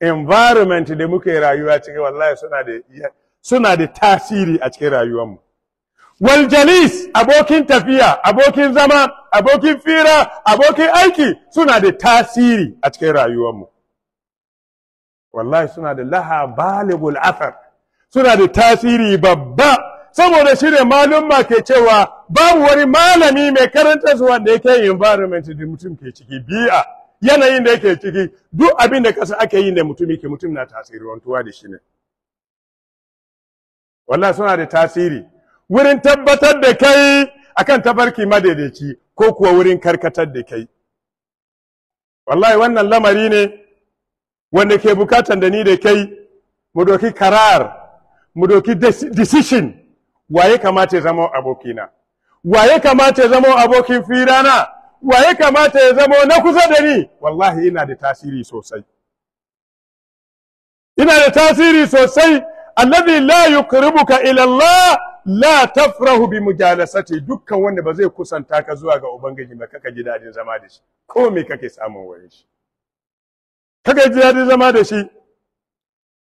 environment da muke rayuwa cikin wallahi suna da suna da tasiri a cikin rayuwarmu wal jalis abokin tafiya abokin zama abokin fira abokin aiki suna da tasiri a cikin rayuwarmu wallahi suna da laha baligul athar suna da tasiri babba saboda shi ne malumma ke cewa babu wani malami mai karanta su wanda yake environment da mutum ke ciki bi'a yanayin da yake ciki duk abin da kasa ake yi da mutum yake mutum na tasiri wantuwa da shi ne wallah suna da tasiri wurin tabbatar da kai akan tabarki madaidaici ko kuwa wurin karkatar da kai wallahi wannan lamari ne wanda ke bukatan da ni da kai mu doki karar mu doki decision waye kamata ya zama abokina waye kamata ya zama abokin firana wa ya kamata ya zama na kusa da ni wallahi ina da tasiri sosai ina da tasiri sosai alladhi la yuqribuka ila Allah la tafrahu bi mujalasati dukkan wanda ba zai kusanta ka zuwa ga ubangiji ba kaka ji dadin zama da shi ko me kake samun wurin shi kaka ji dadin zama da shi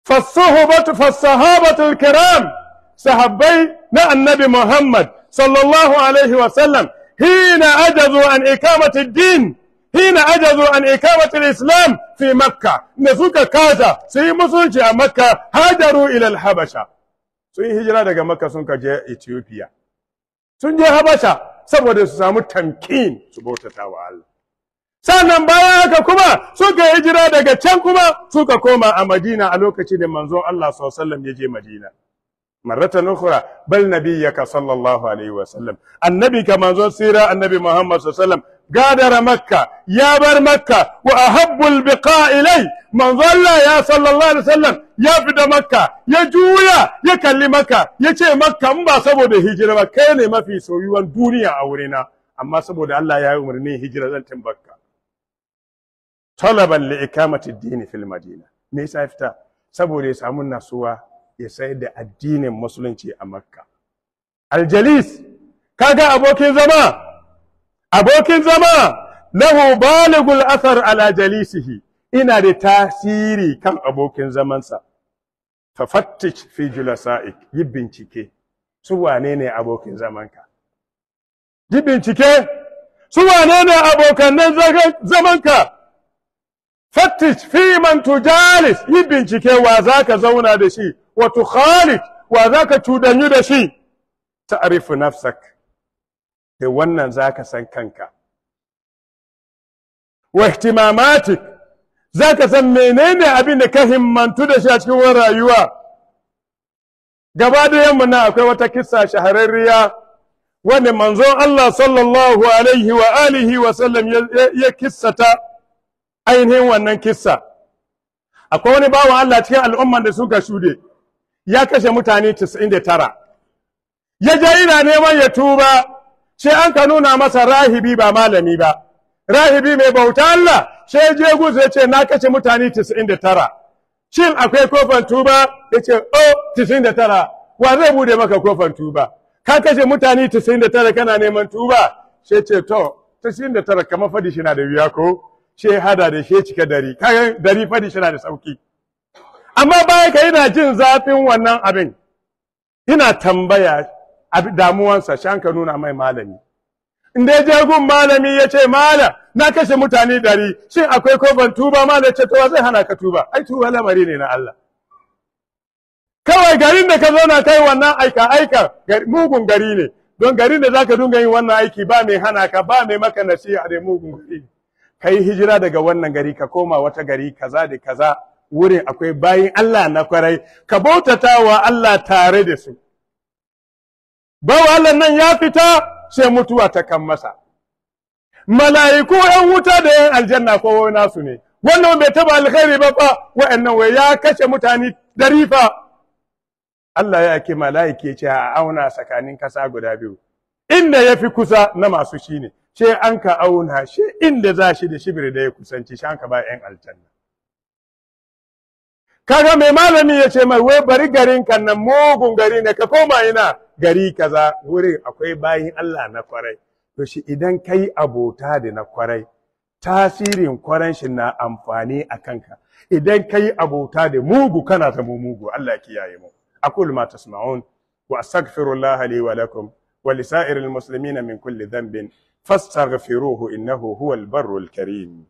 fasuhbatu fasahabatul kiram sahabbai na annabi Muhammad sallallahu alaihi wa sallam حين عجزوا عن إقامة الدين حين Islam عن إقامة الإسلام في مكة نسوك كاسا سي مسلمي a Makka hajaru ila al-Habasha sun hijira daga Makka sun je Ethiopia sun je Habasha saboda su samu tamkin su bautata wa Allah sannan bayan haka kuma suka hijira daga can kuma suka koma a Madina a lokacin da manzon Allah sallallahu alaihi ya je Madina marratan ukhra bal nabiyyaka sallallahu alaihi wasallam annabi ka manzon sira annabi muhammad sallallahu gadara makka ya bar makka wa ahabbu albiqa ilai manzon Allah ya sallallahu alaihi wasallam ya fita makka ya juya ya kalli makka ya ce makka in ba saboda hijira ba kai ne mafi soyuwan duniya a wurina amma saboda Allah ya yi umarnin hijira zan timbakka talaban li ikamati ad-din fil madina me yasa fita saboda ya samu nasuwa ya sayar da addinin musulunci a makka aljalis kaga abokin zama abokin zama lahu balighul gulasar ala jalisihi ina da tasiri kan abokin zamansa tafattish fi julasa'ik yi bincike su wane ne abokin zamanka yi bincike su wane ne abokan zamanka fattish fi man tujalis yi bincike wa za ka zauna da shi wa tukhalid wa za ka cuɗanyu da shi ta'rifu nafsak da wannan za ka san kanka wa ihtimamatik za ka san menene abin da ka himmantu da shi a cikin rayuwa gaba da yamma na akwai wata kissa shahararriya wanda manzon Allah sallallahu alaihi wa alihi wa sallam ya kissata ainihin wannan kissa akwai wani bawan Allah cikin al'umman da suka shude ya kashe mutane 99 ya je ina neman ya tuba sai an ka nuna masa rahibi ba malami ba rahibi mai bauta Allah sai je guzu ya ce na kashe mutane 99 shin akwai kofan tuba ya ce o 99 wa zai bude maka kofan tuba ka kashe mutane 99 kana neman tuba sai ce to 99 kamar fadi shi na da wuya ko she hada da she cika dari kai dari fadi shi da sauki amma baya ka yana jin zafin wannan abin ina tambaya damuwansa shan ka nuna mai malami in dai je gun malami ya ce mala na kashe mutane dari shin akwai ko ban tuba mala ce to zai hana ka tuba ai tuba lamari ne na Allah kawai garin da ka zauna kai wannan aika aika mugun gari ne don garin da zaka dunga yin wannan aiki ba mai hana ka ba mai maka nasiha da mugun gari kai hijira daga wannan gari ka koma wata gari kaza da kaza wurin akwai bayin Allah na kwarai ka bautata wa Allah tare da su bawa Allah nan ya fita sai mutuwa ta kan masa mala'iku ‘yan wuta da ‘yan aljanna kowa nasu ne, wannan bai taba alkhairi ba fa wa'annan wai ya kashe mutane dari fa. Allah ya ke mala'iki ce a auna tsakanin kasa guda biyu, inda ya fi kusa na masu shi ne she an ka auna she inda za shi da shibir da ya kusanci shi an ka ba 'yan aljanna kaga mai malami ya ce mai wai bari garin kan nan mugun gari ne ka koma ina gari kaza wurin akwai bayin Allah na kwarai to shi idan kai abota da na kwarai tasirin kwaran shi na amfani a kanka idan kai abota da mugu kana ta mugu Allah kiyaye mu aqul ma tasma'un wa astaghfirullah li wa lakum ولسائر المسلمين من كل ذنب فاستغفروه إنه هو البر الكريم